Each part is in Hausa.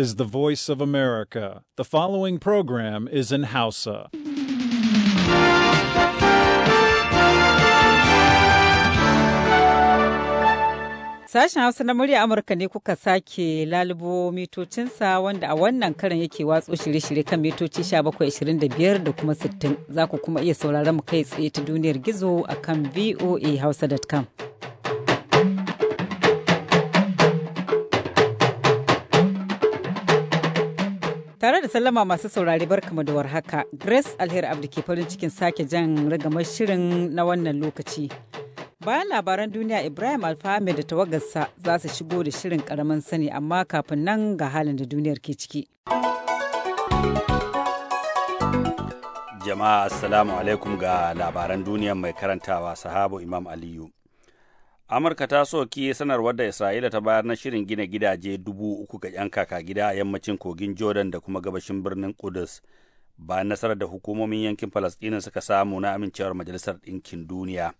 is the voice of America. The following program is in Hausa. Sashen Hausa na murya Amurka ne kuka sake lalubo mitocinsa wanda a wannan karan yake watso shirye-shirye kan mitoci 1725 da kuma 60 za ku kuma iya sauraron mu kai tsaye ta duniyar gizo a kan voahausa.com. Tare da sallama masu saurari kama da warhaka, Grace Alheri da ke farin cikin sake jan ragamar shirin na wannan lokaci. Bayan labaran duniya Ibrahim Alfahame da tawagarsa za su shigo da shirin karamin sani amma kafin nan ga halin da duniyar ke ciki. Jama'a Assalamu alaikum ga labaran duniyar mai karantawa sahabo Imam Aliyu. Amurka ta soki sanarwar da Isra'ila ta bayar na shirin gina gidaje dubu uku ga 'yan kaka gida a yammacin kogin Jordan da kuma gabashin birnin Kudus bayan nasarar da hukumomin yankin Falasɗina suka samu na amincewar Majalisar Ɗinkin Duniya.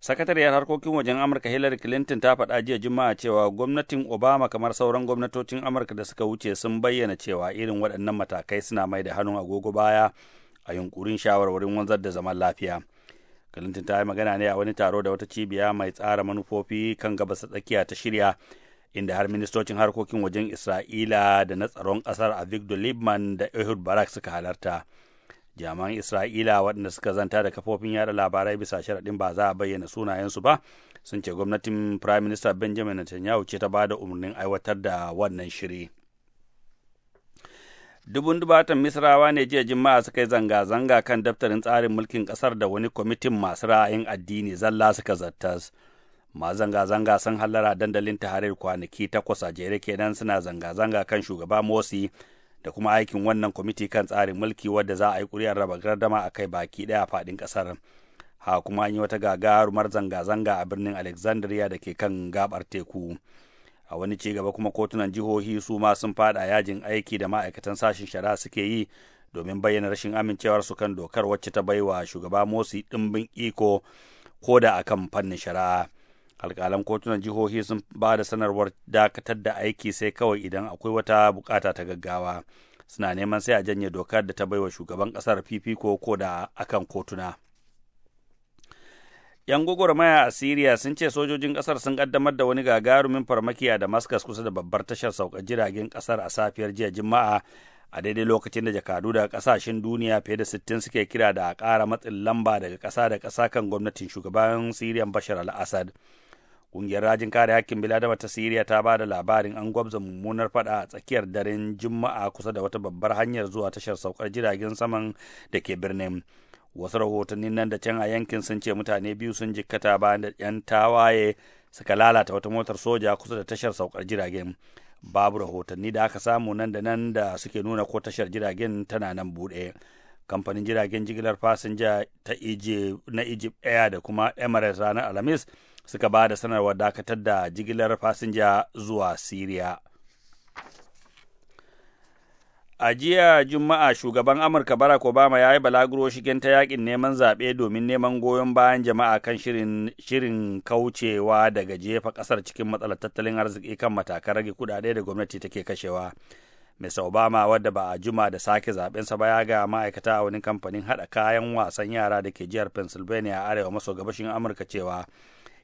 Sakatariyar harkokin wajen Amurka Hillary Clinton ta faɗa jiya Juma'a cewa gwamnatin Obama kamar sauran gwamnatocin Amurka da suka wuce sun bayyana cewa irin waɗannan matakai suna mai da hannun agogo baya a yunkurin shawarwarin wanzar da zaman lafiya. Clinton ta yi magana ne a wani taro da wata cibiya mai tsara manufofi kan gabas tsakiya ta shirya inda har ministocin harkokin wajen Isra'ila da na tsaron ƙasar Victor Liebman da Ehud Barak suka halarta. jami'an isra'ila waɗanda suka zanta da kafofin yada labarai bisa sharaɗin ba za a bayyana sunayensu ba sun ce gwamnatin prime minister benjamin netanyahu ce ta ba da umarnin aiwatar da wannan shiri. Dubun dubatan Misrawa ne jiya Juma'a suka yi zanga-zanga kan daftarin tsarin mulkin kasar da wani kwamitin masu ra'ayin addini zalla suka zattas. Masu zanga-zanga sun hallara dandalin taharar kwanaki takwas a jere kenan suna zanga-zanga kan shugaba mosi da kuma aikin wannan kwamiti kan tsarin mulki wadda za a yi kuriar raba gardama a kai baki ɗaya a faɗin ƙasar. Ha kuma an yi wata gagarumar zanga-zanga a birnin Alexandria da ke kan gabar teku. a wani ci gaba kuma kotunan jihohi su ma sun fada yajin aiki da ma'aikatan sashen shari'a suke yi domin bayyana rashin su kan dokar wacce ta baiwa shugaba Morsi dimbin iko ko da akan fannin shari'a. Alƙalan kotunan jihohi sun ba da sanarwar dakatar da aiki sai kawai idan akwai wata bukata ta gaggawa. Suna neman sai a janye dokar da ta baiwa shugaban kasar fifiko ko da akan kotuna. 'Yan gwagwarmaya a Siriya sun ce sojojin ƙasar sun ƙaddamar da wani gagarumin farmaki a Damascus kusa da babbar tashar saukar jiragen kasar a safiyar jiya Juma'a a daidai lokacin da jakadu daga kasashen duniya fiye da sittin suke kira da a ƙara matsin lamba daga kasa da kasa kan gwamnatin shugaban Siriyan Bashar al-Assad. Ƙungiyar rajin kare hakkin biladama ta Siriya ta ba da labarin an gwabza mummunar fada a tsakiyar daren Juma'a kusa da wata babbar hanyar zuwa tashar saukar jiragen saman da ke birnin. wasu rahotannin nan da can a yankin sun ce mutane biyu sun jikkata bayan da 'yan tawaye suka lalata wata motar soja kusa da tashar saukar jiragen babu rahotanni da aka samu nan da nan da suke nuna ko tashar jiragen tana nan bude kamfanin jiragen jigilar fasinja ta na egypt air da kuma emirates ranar alhamis suka ba da sanarwar dakatar da jigilar fasinja zuwa syria A jiya Juma'a shugaban Amurka Barack Obama ya yi balaguro shigen ta yakin neman zaɓe domin neman goyon bayan jama'a kan shirin, shirin kaucewa daga jefa ƙasar cikin matsalar tattalin arziki kan matakan rage kuɗaɗe da gwamnati take kashewa. Mr. Obama wadda ba a juma da sake zaɓensa ba ya ga ma'aikata a wani kamfanin haɗa kayan wasan yara da ke jihar Pennsylvania arewa maso gabashin Amurka cewa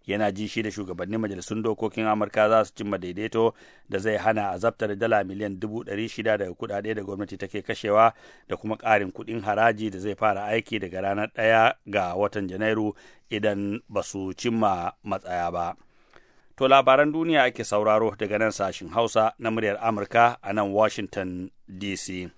yana ji shi da shugabannin majalisun dokokin amurka za su cimma daidaito da zai hana azabtar dala miliyan dubu ɗari shida daga kuɗaɗe da gwamnati take kashewa da kuma ƙarin kuɗin haraji da zai fara aiki daga ranar ɗaya ga watan janairu idan ba su cimma matsaya ba. To labaran duniya ake sauraro daga nan sashin Hausa na muryar Amurka a nan Washington DC.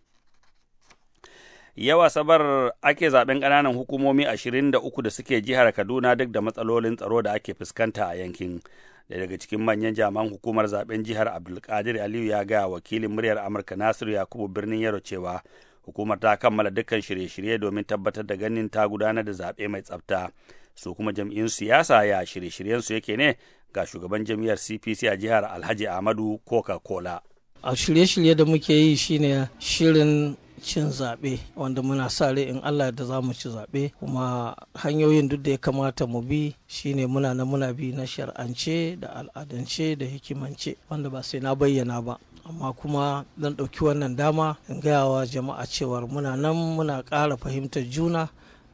Yawa sabar ake zaben ƙananan hukumomi ashirin da uku da suke jihar Kaduna duk da matsalolin tsaro da ake fuskanta a yankin. Da daga cikin manyan jaman hukumar zaben jihar Abdulkadir Aliyu ya gaya wakilin muryar Amurka Nasiru Yakubu birnin Yaro cewa hukumar ta kammala dukkan shirye-shirye domin tabbatar da ganin ta gudanar da zaɓe mai tsafta. Su kuma jam'in siyasa ya shirye-shiryensu yake ne ga shugaban jam'iyyar CPC a jihar Alhaji Ahmadu Coca-Cola. a shirye-shirye da muke yi shine shirin cin zaɓe wanda muna sa rai in Allah da za mu ci zaɓe kuma hanyoyin duk da ya kamata mu bi shine muna na muna bi na shar'ance da al'adance da hikimance wanda ba sai na bayyana ba amma kuma zan ɗauki wannan dama in gaya wa jama'a cewar muna nan muna ƙara fahimtar juna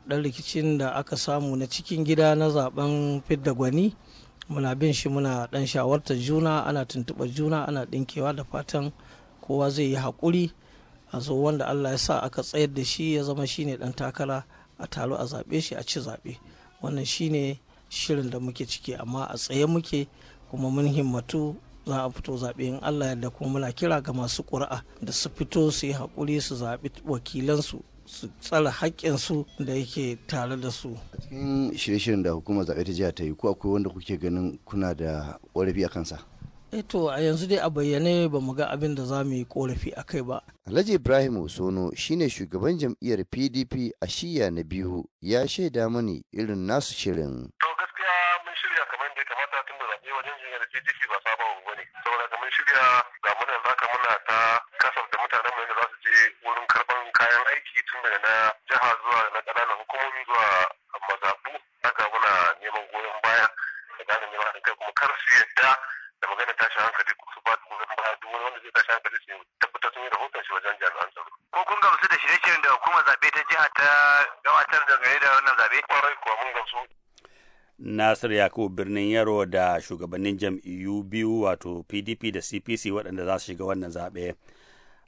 ɗan rikicin da aka samu na cikin gida na zaben fidda gwani muna bin shi muna dan shawarta juna ana tuntuɓa juna ana ɗinkewa da fatan kowa zai yi haƙuri a zo wanda allah ya sa aka tsayar da shi ya zama shine dan takara a taro a zaɓe shi a ci zaɓe wannan shine shirin da muke ciki amma a tsaye muke kuma mun himmatu za a fito zaɓe in allah yadda kuma muna kira ga masu ƙura'a da su fito su yi haƙuri su zaɓi wakilansu su tsara su da yake tare da su. A cikin shirye-shiryen da hukumar zaɓe ta jiya ta yi ko akwai wanda kuke ganin kuna da ƙorafi a kansa? Eto eh a yanzu dai a bayyane ba mu ga abin da za mu yi ƙorafi a kai ba. Alhaji Ibrahim shi shine shugaban jam'iyyar PDP a shiya na biyu ya shaida mani irin nasu shirin. To gaskiya mun shirya kamar da kamata tun da zaɓe wajen jam'iyyar PDP ba sabon ba ne. saboda kamar shirya ga muna ka muna ta kasance mutanen mu da za su je wurin karban kayan aiki tun daga na jiha zuwa na ƙananan hukumomi zuwa mazabu haka muna neman goyon baya da gane neman haɗin kai kuma kar su yadda da magana tashi hankali ko su ba da goyon baya duk wani wanda zai tashi hankali su tabbatar sun yi rahoton shi wajen jami'an tsaro. ko kun gamsu da shirye-shiryen da hukumar zaɓe ta jiha ta gabatar dangane da wannan zaɓe? kwarai kuwa mun gamsu Nasir Yakubu birnin Yaro da shugabannin jam'iyyu biyu wato PDP da CPC waɗanda za su shiga wannan zaɓe.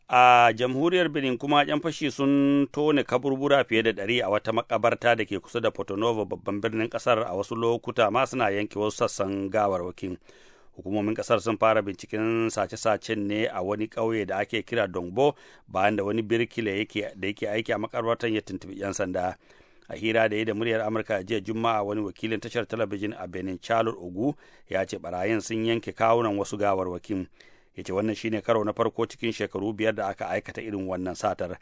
A jamhuriyar Benin kuma ƴan fashi sun tone kaburbura fiye da ɗari a wata makabarta da ke kusa da Portonova babban birnin ƙasar a wasu lokuta ma suna yanke wasu sassan gawarwakin. hukumomin ƙasar sun fara binciken sace-sacen ne a wani ƙauye da ake kira dongbo bayan da wani birkila da yake aiki a makabartan ya tuntuɓi 'yan sanda a hira da ya da muryar amurka jiya juma'a wani wakilin tashar talabijin a benin charles ogu ya ce barayin sun yanke kawunan wasu gawarwakin ya ce wannan shine karo na farko cikin shekaru biyar da aka aikata irin wannan satar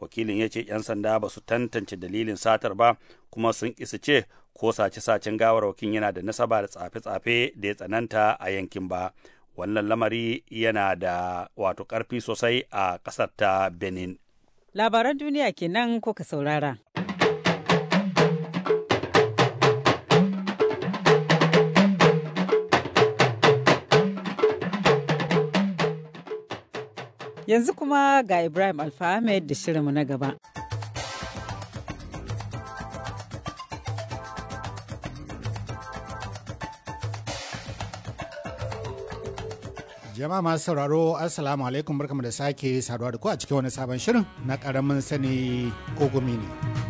wakilin ya ce 'yan sanda ba su tantance dalilin satar ba kuma sun isa ce ko sace-sacen gawarwakin yana da nasaba da tsafe-tsafe da ya tsananta a yankin ba wannan lamari yana da wato karfi sosai a ƙasar ta benin labaran duniya kenan kuka saurara. Yanzu kuma ga Ibrahim Alfa da shirinmu na gaba. Jama'a masu sauraro Assalamu alaikum barkamu da sake saduwa da ku a cikin wani sabon shirin na ƙaramin sani ko gumi ne.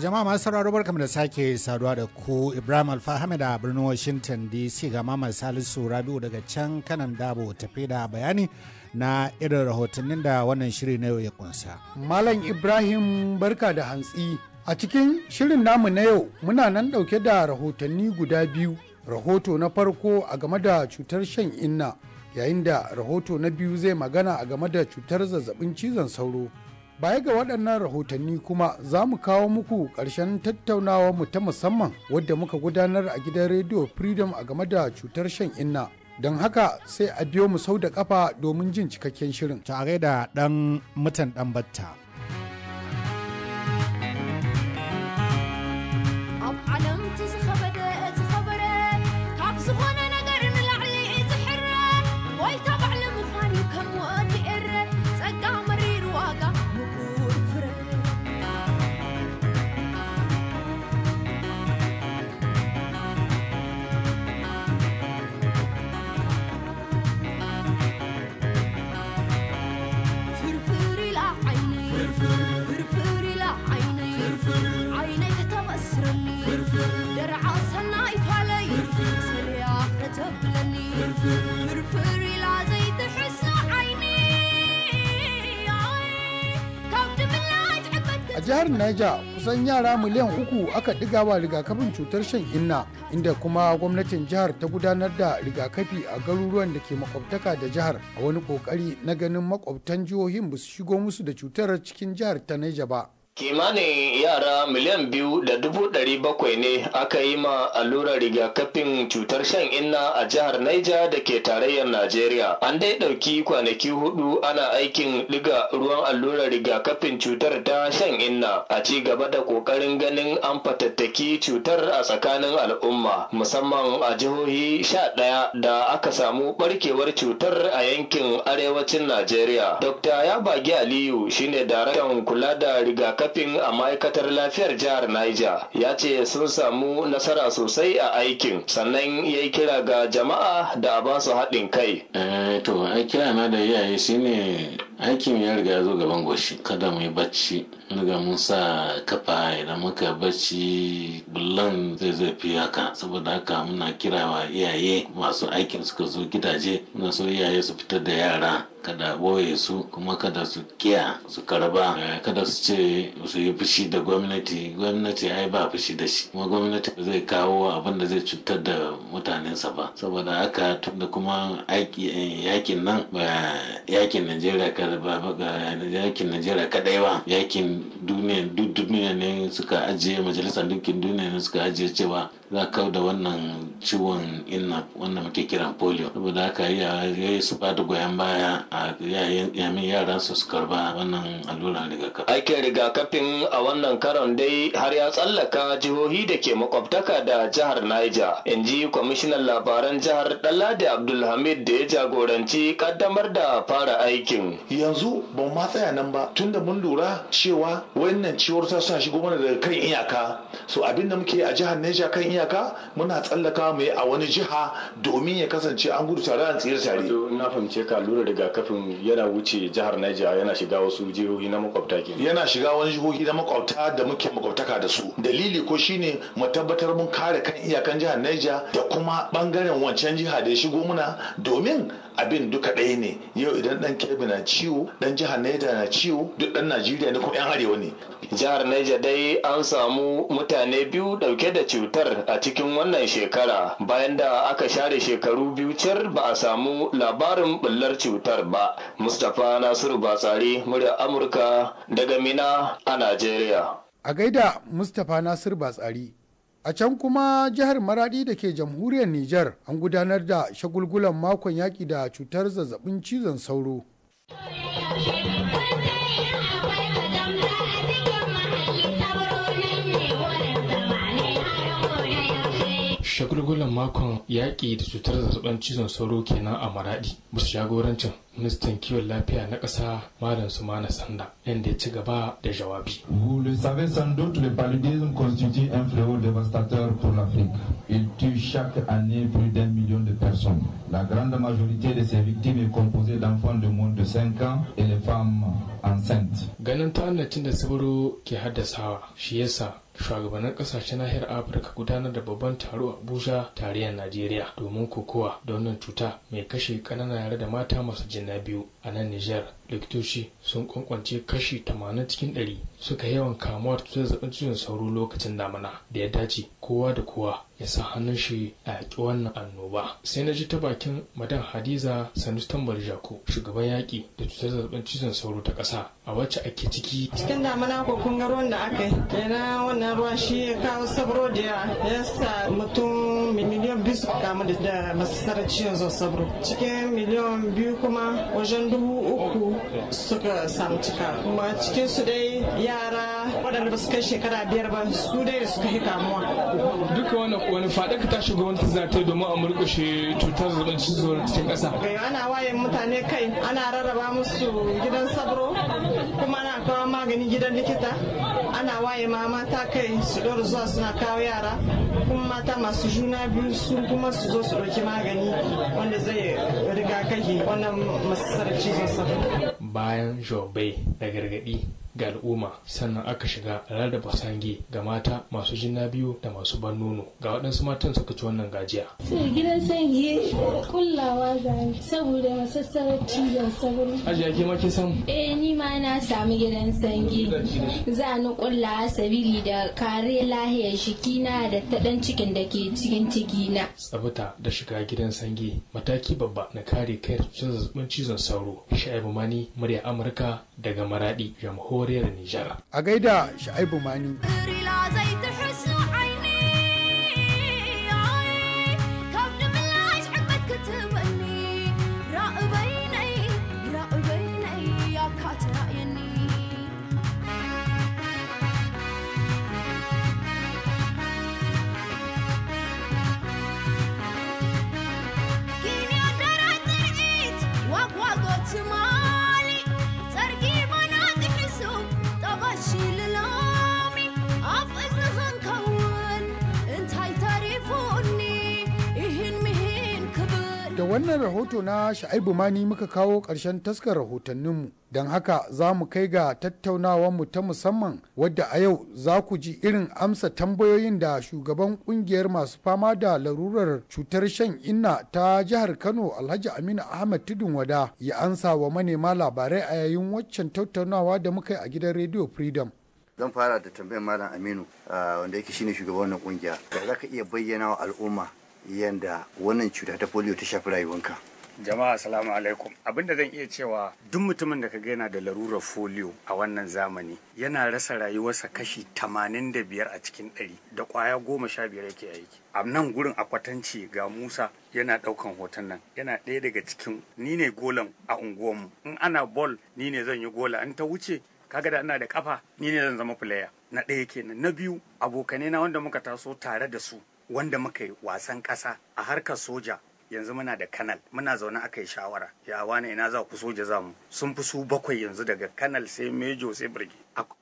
jama'a masu sauraro barkamu da sake saduwa da ku Ibrahim Alfahame da birnin Washington DC ga mama Salisu Rabiu daga can kanan dabo tafi da bayani na irin rahotannin da wannan shiri na yau ya kunsa. Malam Ibrahim barka da hantsi. A cikin shirin namu na yau muna nan dauke da rahotanni guda biyu. Rahoto na farko a game da cutar shan inna yayin da rahoto na biyu zai magana a game da cutar zazzabin cizon sauro. Baya ga waɗannan rahotanni kuma za mu kawo muku ƙarshen tattaunawa mu ta musamman wadda muka gudanar a gidan rediyo Freedom a game da cutar shan inna. Don haka sai a biyo mu sau da ƙafa domin jin cikakken shirin. Tare da ɗan mutan ɗan batta. a jihar naija kusan yara miliyan uku aka ɗigawa rigakafin cutar shan inna inda kuma gwamnatin jihar ta gudanar da rigakafi a garuruwan da ke makwabtaka da jihar a wani kokari na ganin makwabtan jihohin ba su shigo musu da cutar cikin jihar ta naija ba. kimanin yara miliyan biyu da dubu ɗari bakwai ne aka yi ma allurar rigakafin cutar shan inna a jihar Naija da ke tarayyar Najeriya. An dai ɗauki kwanaki hudu ana aikin ɗiga ruwan allurar rigakafin cutar ta shan inna a ci gaba da ƙoƙarin ganin an fatattaki cutar a tsakanin al'umma musamman a jihohi sha ɗaya da aka samu ɓarkewar cutar a yankin arewacin Najeriya. Dr. Yabagi Aliyu shine daraktan kula da rigakafin shafin a ma'aikatar lafiyar jihar Niger ya ce sun samu nasara sosai a aikin sannan ya yi kira ga jama'a da a ba su haɗin kai. Eh, to ai kira na da iyaye shine aikin ya riga ya zo gaban goshi kada mu yi bacci daga mun sa kafa idan muka bacci bullon zai zai fi haka saboda haka muna kirawa iyaye masu aikin suka zo gidaje muna so iyaye su fitar da yara kada boye su kuma kada su kiya su karba eh, kada su ce su yi fushi da gwamnati gwamnati ai ba fushi da shi kuma gwamnati zai kawo abin da zai cutar da mutanensa ba saboda haka tunda kuma eh, yakin nan ba yakin najeriya da ba ga yakin najeriya kadai ba yakin duniya duk duniya ne suka ajiye majalisar dukkin duniya ne suka ajiye cewa za ka da wannan ciwon inna wannan muke kira polio saboda haka yi su ba da goyon baya a yamin yara su su karba wannan alluran rigakafi aikin rigakafin a wannan karon dai har ya tsallaka jihohi da ke makwabtaka da jihar Niger in ji kwamishinan labaran jihar dalade Abdulhamid da ya jagoranci kaddamar da fara aikin yanzu ba ma tsaya nan ba tunda mun lura cewa wannan ciwon ta suna shigo mana daga kan iyaka so abin da muke a jihar Niger kan iyaka iyaka muna tsallaka mu a wani jiha domin ya kasance an gudu tare an tsira tare na fahimce ka lura rigakafin yana wuce jihar Niger yana shiga wasu jihohi na makwabta ke yana shiga wani jihohi na makwabta da muke makwabtaka da su dalili ko shine mu tabbatar mun kare kan iyakan jihar Niger da kuma bangaren wancan jiha da ya shigo muna domin abin duka ɗaya ne yau idan dan kebbi na ciwo dan jihar naija na ciwo duk dan najeriya ne kuma yan arewa ne jihar naija dai an samu mutane biyu ɗauke da cutar a cikin wannan shekara bayan da aka share shekaru biyu cer ba a samu labarin bullar cutar ba mustapha nasiru batsari murya amurka daga mina a najeriya a gaida mustapha nasiru batsari A can kuma jihar Maradi da ke jamhuriyar Nijar an gudanar da shagulgulan makon yaƙi da cutar zazzabin cizon sauro. shagulgulan makon yaƙi da cutar zazzabin cizon sauro kenan a maradi bisa shagorancin ministan kiwon lafiya na ƙasa malam sumana sanda inda ya ci gaba da jawabi. vous le savez sans doute le paludisme constitue un fléau dévastateur pour l'afrique il tue chaque année plus d'un million de personnes la grande majorité de ses victimes est composée d'enfants de moins de 5 ans et les femmes enceintes. ganin ta da saburo ke haddasawa shi yasa shugabannin kasashen nahiyar afirka gudanar da babban taro a abuja tarayyar najeriya domin kokowa da wannan cuta mai kashe kanana yare da mata masu jina biyu a nan nijar likitoci sun kwankwance kashi 80 cikin 100 suka yawan kamuwa da cutar zaɓen cizon sauro lokacin damina da ya dace kowa da kowa ya sa hannun shi a yaƙi wannan annoba sai na ji ta bakin madan hadiza tambar barjako shugaban yaƙi da cutar zaɓen cizon sauro ta ƙasa a wacce ake ciki cikin damina ko kun ga da aka yi kenan wannan na ruwa shi ya kawo sabro da ya sa mutum miliyan biyu suka kamu da masarar ciwon zuwa sabro cikin miliyan biyu kuma wajen dubu uku suka samu cika kuma cikin su dai yara waɗanda ba su kai shekara biyar ba su dai da suka yi kamuwa duka wani faɗa ka tashi gwamnati za ta yi domin a murƙushe cutar zazzabin cizon cikin ƙasa eh, ana wayan mutane kai ana rarraba musu gidan sabro kuma ana kawo magani gidan likita ana waye ma mata kai su ɗora zuwa suna kawo yara kuma mata masu juna biyu su kuma su zo su ɗauki magani wanda zai riga rigakafi wannan masarar cizon sauro bayan jobe da gargaɗi ga al'umma sannan aka shiga ranar da basange ga mata masu jinna biyu da masu ban nono ga waɗansu matan suka ci wannan gajiya. sai gidan sanyi kullawa ga saboda masassarar cizon sauro. ajiya ke ma kin samu. eh ni ma na sami gidan sanyi za ni kullawa sabili da kare lahiyar shikina da ta ɗan cikin da ke cikin cikina. tsabta da shiga gidan sanyi mataki babba na kare kai zazzabin cizon sauro sha'ibu mani murya amurka daga maraɗi jamhuriyar jamhuriyar Nijar. A gaida Sha'ibu Mani. wannan rahoto na sha'ibu mani muka kawo ƙarshen taskar rahotanninmu don haka za mu kai ga mu ta musamman wadda a yau za ku ji irin amsa tambayoyin da shugaban kungiyar masu fama da larurar cutar shan inna ta jihar kano alhaji aminu ahmad tudun wada ya ansa wa manema labarai a yayin waccan tattaunawa da muka yi a gidan radio freedom zan fara da tambayar malam aminu ah, wanda yake shine shugaban wannan kungiya da za ka iya bayyana wa al'umma yanda wannan cuta ta polio ta shafi rayuwanka jama'a salamu alaikum da zan iya cewa duk mutumin da kaga yana da larurar folio a wannan zamani yana rasa rayuwarsa kashi tamanin da biyar a cikin 100 da kwaya goma sha biyar yake aiki a nan gurin a kwatanci ga musa yana ɗaukan hoton nan yana ɗaya daga cikin ni ne golan a unguwanmu in ana bol ni ne zan yi gola in ta wuce kaga da ina da kafa ni ne zan zama player na ɗaya kenan na biyu abokanai na wanda muka taso tare da su wanda muka yi wasan ƙasa a harkar soja yanzu muna da kanal muna zaune aka yi shawara ya wane ina za ku soja za mu sun fi su bakwai yanzu daga kanal sai mejo sai birgi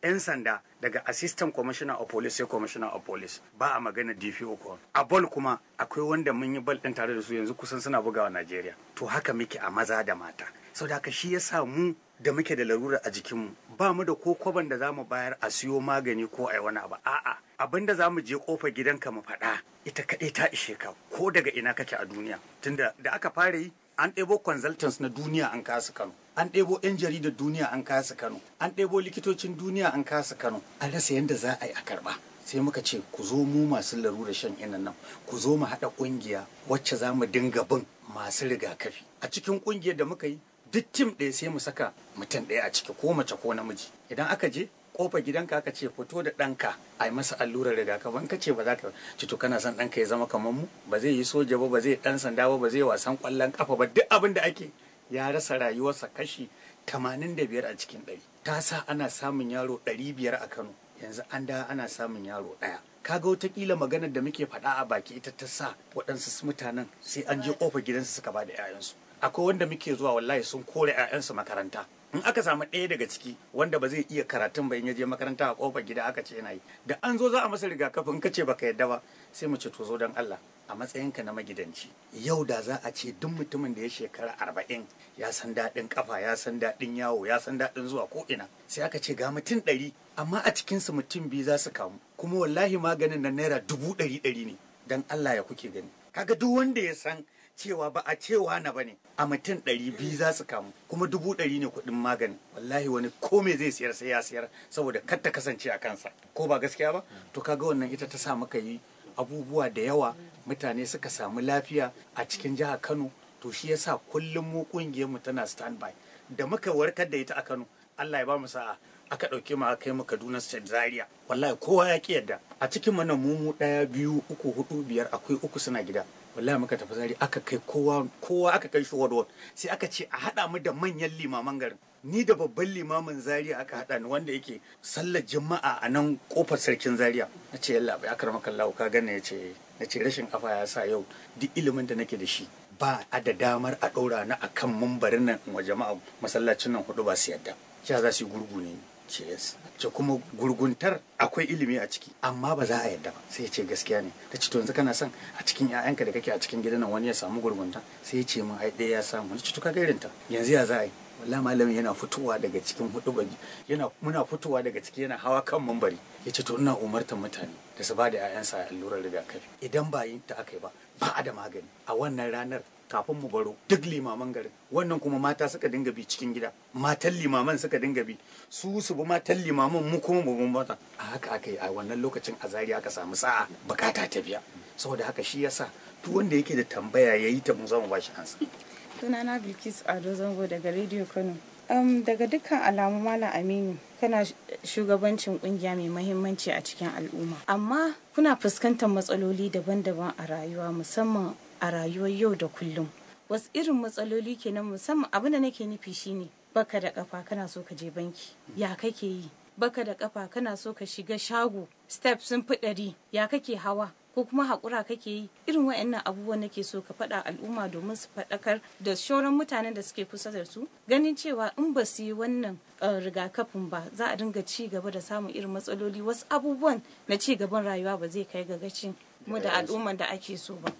'yan sanda daga assistant commissioner of police sai commissioner of police ba a magana dpo ko a bol kuma akwai wanda mun yi bal din tare da su yanzu kusan suna bugawa najeriya to haka muke a maza da mata sau da haka shi ya mu da muke da larura a jikinmu ba mu da ko kwaban da za mu bayar a siyo magani ko a yi wani abu a'a abin da za mu je kofar gidanka mu faɗa ita kaɗai ta ishe ka ko daga ina kake a duniya tunda da aka fara yi an ɗebo consultants na duniya an kasu kano an ɗebo 'yan jaridar duniya an kasu kano an ɗebo likitocin duniya an kasu kano an rasa yadda za a yi a karɓa sai muka ce ku zo mu masu larurar shan inan nan ku zo mu haɗa ƙungiya wacce za mu dinga bin masu rigakafi a cikin ƙungiyar da muka yi duk tim ɗaya sai mu saka mutum ɗaya a ciki ko mace ko namiji idan aka je kofar gidanka aka ce fito da ɗanka a yi masa allurar rigakafin ka ce ba za ka ci to kana son ɗanka ya zama kamar mu ba zai yi soja ba ba zai ɗan sanda ba ba zai wasan ƙwallon ƙafa ba duk abin da ake ya rasa rayuwarsa kashi tamanin da biyar a cikin ɗari ta sa ana samun yaro biyar a Kano yanzu an da ana samun yaro ɗaya kaga watakila maganar da muke faɗa a baki ita ta sa waɗansu mutanen sai an je ƙofar gidansu suka ba da 'ya'yansu akwai wanda muke zuwa wallahi sun kore 'ya'yansu makaranta in aka samu ɗaya daga ciki wanda ba zai iya karatun ba in ya je makaranta a kofar gida aka ce yana yi da an zo za a masa rigakafin ka ce baka yadda ba sai mu ce to zo don Allah a matsayinka na magidanci yau da za a ce duk mutumin da ya shekara arba'in ya san daɗin kafa ya san daɗin yawo ya san daɗin zuwa ko ina sai aka ce ga mutum ɗari amma a cikinsu mutum biyu za su kamu kuma wallahi maganin na naira dubu ɗari ɗari ne don Allah ya kuke gani kaga duk wanda ya san cewa ba a cewa na bane a mutum ɗari biyu za su kamu kuma dubu ɗari ne kuɗin magani wallahi wani ko zai siyar sai ya siyar saboda kar ta kasance a kansa ko ba gaskiya ba to kaga wannan ita ta sa muka yi abubuwa da yawa mutane suka samu lafiya a cikin jihar Kano to shi yasa kullum mu kungiyar mu tana by da muka warkar da ita a Kano Allah ya ba mu sa'a aka ɗauke mu aka kai mu Kaduna State Zaria wallahi kowa ya ki yadda a cikin mana mu mu ɗaya biyu uku hudu biyar akwai uku suna gida wallahi muka tafi zari aka kai kowa kowa aka kai shi wadwad sai aka ce a haɗa mu da manyan limaman garin ni da babban limamin zaria aka haɗa ni wanda yake sallar juma'a a nan kofar sarkin zariya. na ce yalla bai akar maka lawo ka gane ya ce na ce rashin kafa ya sa yau duk ilimin da nake da shi ba a da damar a ɗora na akan mumbarin nan wa jama'a masallacin nan hudu ba su yadda sha za su yi gurgu ne ce yes ce kuma gurguntar akwai ilimi a ciki amma ba za a yarda ba sai ya ce gaskiya ne ta ce to yanzu kana son a cikin 'ya'yanka da kake a cikin gidan wani ya samu gurgunta sai ya ce min ai ɗaya ya samu ni ce to yanzu ya za a yi wallahi malamin yana fitowa daga cikin hudu yana muna fitowa daga ciki yana hawa kan mambari ya ce to ina umartar mutane da su ba da 'ya'yansa allurar rigakafi idan ba yin ta aka yi ba ba a da magani a wannan ranar kafin mu baro duk limaman garin wannan kuma mata suka dinga bi cikin gida matan limaman suka dinga bi su su bi matan limaman mu kuma mu bin mata a haka aka yi a wannan lokacin a zari aka samu sa'a bukata ta biya saboda haka shi yasa duk wanda yake da tambaya ya yi ta mu zama bashi ansa sunana bilkis ado zango daga radio kano um, daga dukkan alamu malam aminu kana shugabancin kungiya mai mahimmanci a cikin al'umma amma kuna fuskantar matsaloli daban-daban a rayuwa musamman a rayuwar yau da kullum wasu irin matsaloli kenan musamman abin da nake nufi shine baka da kafa kana so ka je banki ya kake yi baka da kafa kana so ka shiga shago step sun fi ɗari ya kake hawa ko kuma haƙura kake yi irin wayannan abubuwan nake so ka faɗa al'umma domin su faɗakar da shoran mutanen da suke kusa da su ganin cewa in ba su yi wannan eh, rigakafin ba za a dinga ci gaba da samun irin matsaloli wasu abubuwan na ci gaban rayuwa ba zai kai ga gacin mu da al'umman da ake so ba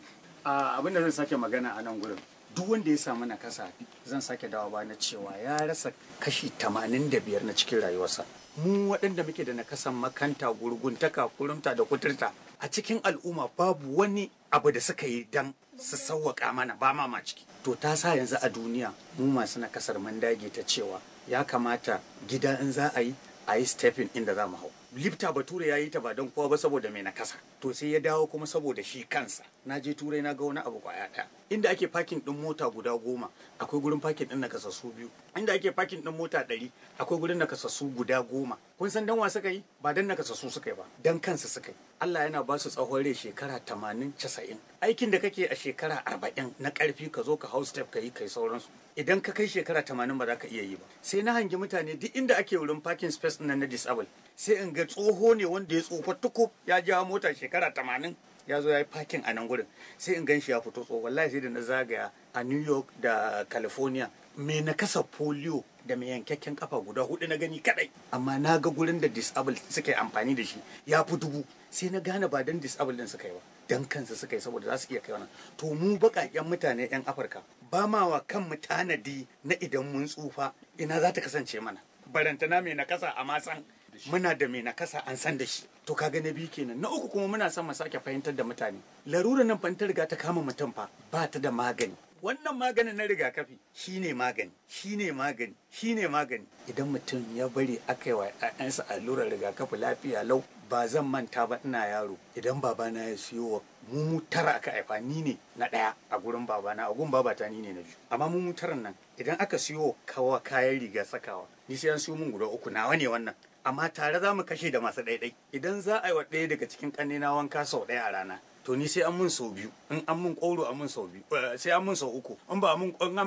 abin da zan sake magana a nan gurin duk wanda ya samu nakasa zan sake dawo ba na cewa ya rasa kashi tamanin da biyar na cikin rayuwarsa mu waɗanda muke da nakasan makanta gurguntaka kurumta da kuturta a cikin al'umma babu wani abu da suka yi dan su sauwaƙa mana ba ma ciki to ta sa yanzu a duniya mu masu nakasar mun ta cewa ya kamata gida in za a yi a yi stepping inda za mu hau lifta bature ya yi ta ba don kowa ba saboda mai nakasa to sai ya dawo kuma saboda shi kansa na je turai na ga wani abu kwaya ɗaya inda ake parking din mota guda goma akwai gurin parking din nakasassu biyu inda ake parking din mota ɗari akwai gurin nakasassu guda goma kun san danwa suka yi ba dan nakasassu suka yi ba dan kansa suka yi Allah yana ba su tsawon rai shekara tamanin casa'in aikin da kake a shekara arba'in na karfi ka zo ka hau step ka yi kai sauransu idan ka kai shekara tamanin ba za ka iya yi ba sai na hangi mutane duk inda ake wurin parking space na na disable sai in ga tsoho ne wanda ya tsofa tukub ya ja mota shekara tamanin ya zo ya yi parking a nan gurin sai in gan shi ya fito tsoho wallahi sai da na zagaya a new york da california me na kasa polio da mai yankakken kafa guda hudu na gani kadai amma na ga gurin da disabled suka yi amfani da shi ya fi dubu sai na gane ba dan disabled din suka yi ba dan kansa suka yi saboda za su iya kai wannan to mu bakaken mutane yan afirka ba ma wa kanmu tanadi na idan mun tsufa ina za ta kasance mana barantana mai na kasa a masan muna da mai nakasa an san da shi to kaga na biyu kenan na uku kuma muna son mu sake fahimtar da mutane larura nan fa riga ta kama mutum fa ba ta da magani wannan maganin na rigakafi shine magani shine magani shine magani idan mutum ya bari aka yi wa 'ya'yansa allurar rigakafi lafiya lau ba zan manta ba ina yaro idan babana ya siyo wa mu mutara aka haifa ni ne na ɗaya a gurin babana a gurin babata ni ne na biyu amma mu mutaran nan idan aka siyo kawa kayan riga sakawa ni sai an siyo mun guda uku nawa ne wannan amma tare za mu kashe da masu ɗaiɗai idan za a yi wa ɗaya daga cikin ƙannena wanka sau ɗaya a rana to ni sai an mun sau biyu in an mun ƙoro an mun sau biyu eh, sai an mun sau uku in ba an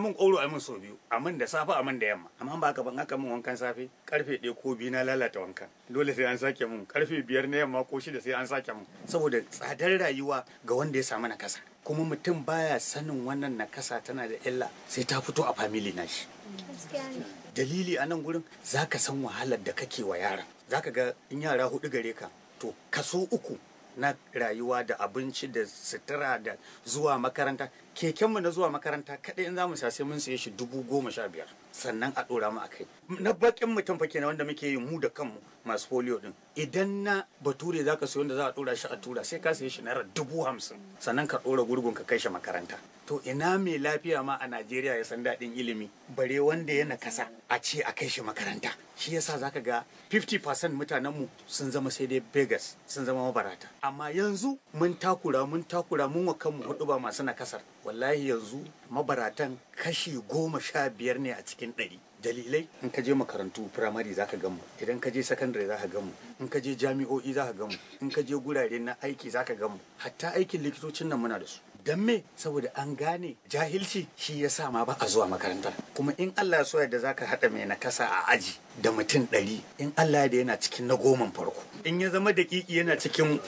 mun ƙoro an mun sau biyu a mun da safe a mun da yamma amma ba ka ban haka mun wankan safe karfe ɗaya ko biyu na lalata wanka. dole sai an sake mun karfe biyar na yamma ko shida sai an sake mun saboda tsadar rayuwa ga wanda ya samu nakasa kuma mutum baya sanin wannan nakasa tana da illa sai ta fito a famili family shi. dalili a nan gurin za ka san wahalar da kake wa yaran za ka ga in yara hudu gare ka to kaso uku na rayuwa da abinci da sutura da zuwa makaranta kekenmu na zuwa makaranta kaɗai in za mu sai mun saye shi dubu goma sha biyar sannan a ɗora mu a kai na bakin mutum fa kenan wanda muke yi mu da kanmu masu folio din idan na bature zaka sayo wanda za a dora shi a tura sai ka saye shi naira dubu hamsin sannan ka dora gurgun ka kai shi makaranta to ina mai lafiya ma a najeriya ya san daɗin ilimi bare wanda ya nakasa a ce a kai shi makaranta shi yasa zaka ga 50% mutanenmu sun zama sai dai begas sun zama mabarata amma yanzu mun takura mun takura mun wa kanmu hudu ba masu nakasar wallahi yanzu mabaratan kashi goma sha biyar ne a cikin ɗari dalilai in ka je makarantu firamare za ka gamu idan ka je sakandare za ka gamu in ka je jami'o'i za ka gamu in ka je gurare na aiki za ka gamu hatta aikin likitocin nan muna da su dan me saboda an gane jahilci shi ya sa ma ba a zuwa makaranta kuma in Allah so yadda zaka haɗa mai nakasa a aji da mutum ɗari in Allah da yana cikin na goman farko in ya zama daƙiƙi yana cikin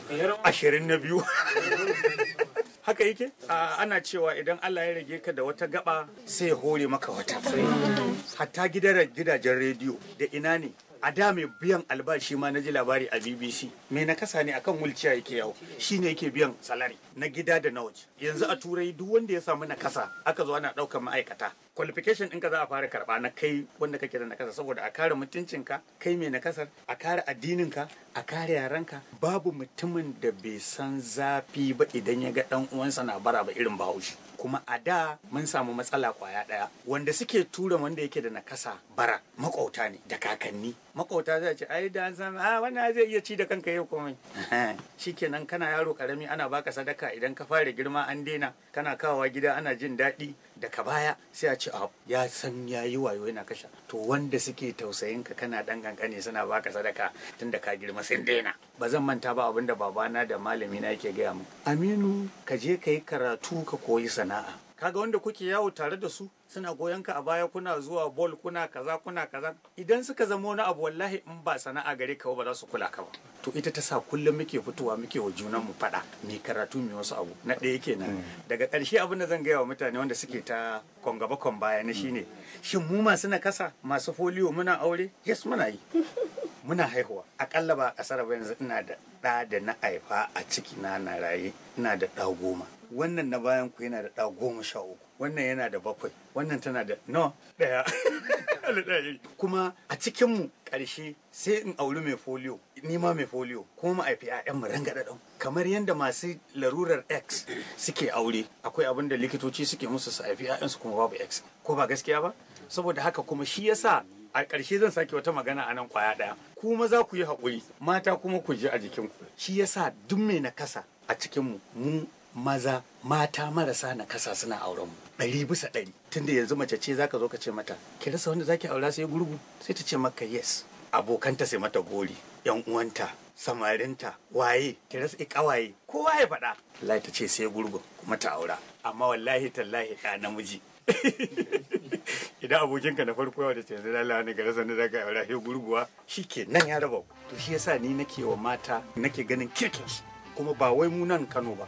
ashirin na biyu haka yake ana cewa idan Allah ya rage ka da wata gaba sai ya hore maka wata hatta gidajen rediyo da ina ne a da mai biyan albashi ma na ji labari a bbc me na kasa ne akan wulciya yake yawo shi ne yake biyan salari na gida da na waje yanzu a turai duk wanda ya samu na kasa aka zo ana ɗaukar ma'aikata qualification ɗinka za a fara karɓa na kai wanda kake da nakasa saboda a kare mutuncinka kai mai nakasar a kare addininka a kare yaranka babu mutumin da bai san zafi ba idan ya ga ɗan uwansa na bara ba irin bahaushe kuma a da mun samu matsala kwaya ɗaya wanda suke tura wanda yake da nakasa bara makauta ne da kakanni makauta zai ce ai da san a ah, wannan zai iya ci da kanka yau komai shikenan kana yaro karami ana baka sadaka idan ka fara girma an daina kana kawowa gida ana jin daɗi daga baya sai a ce ya san ya yi wayo yana kasha to wanda suke tausayin ka kana dan kankane suna baka sadaka tun da ka girma sun daina ba zan manta ba abin da babana da malami na yake gaya mu. aminu ka je ka yi karatu ka koyi sana'a kaga wanda kuke yawo tare da su suna goyon ka a baya kuna zuwa bol kuna kaza kuna kaza idan suka zama wani abu wallahi in ba sana'a gare ka ba za su kula ka ba to ita ta sa kullum muke fitowa muke wa junan mu fada ni karatu mai wasu abu na ɗaya kenan mm. daga ƙarshe abin da zan gaya wa mutane wanda suke ta kongaba kwan baya na shine mm. shin mu masu nakasa masu foliyo muna aure yes muna yi muna haihuwa akalla ba a ƙasar ba yanzu ina da ɗa da na haifa a ciki na na raye ina da ɗa goma wannan na bayan ku yana da ɗa goma sha uku wannan yana da bakwai wannan tana da no ɗaya kuma a cikinmu ƙarshe sai in auri mai folio nima mai folio kuma ma'aifi yayan mu ranga ɗan kamar yadda masu larurar x suke aure akwai abin da likitoci suke musu su haifi su kuma babu x ko ba gaskiya ba saboda haka kuma shi yasa a karshe zan sake wata magana a nan kwaya ɗaya kuma za ku yi haƙuri mata kuma ku ji a jikin ku. shi yasa duk mai nakasa a cikinmu mu maza mata marasa na kasa suna auren mu ɗari bisa ɗari tunda yanzu mace ce zaka zo ka ce mata ki rasa wanda zaki aura sai gurgu sai ta ce maka yes abokanta sai mata gori yan uwanta samarinta waye ki rasa kawaye eh, kowa ya faɗa wallahi ta ce sai gurgu kuma ta aura amma wallahi tallahi ɗa namiji idan abokinka na farko yawa da ce lalawa ne ga rasa ne zaka aura sai gurguwa shi ke nan ya raba to shi yasa ni nake wa mata nake ganin kirkin kuma ba wai mu nan Kano ba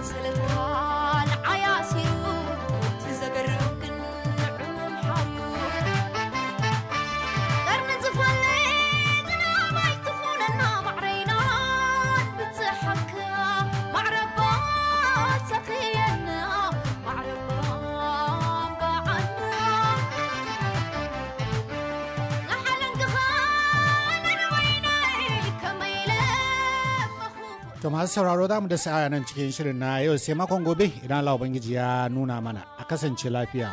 سلسلة كار To masu sauraro za mu da sa'a nan cikin shirin na yau sai makon gobe idan Allah Ubangiji ya nuna mana a kasance lafiya.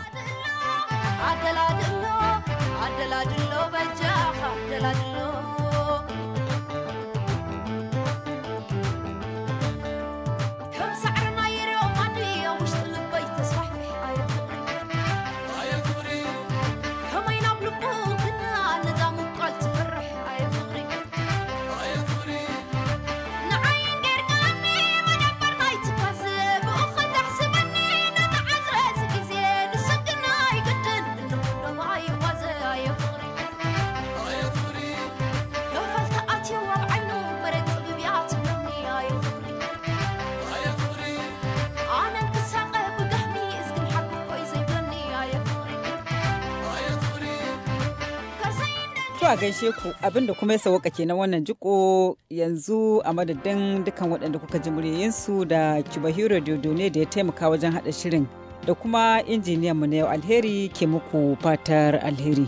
Zuwa gaishe ku abin da kuma ya sauka ke na wannan jiko yanzu a madadin dukkan waɗanda kuka ji muryoyinsu da Kibahiro ne da ya taimaka wajen haɗa shirin da kuma injiniyan mu na yau alheri ke muku fatar alheri.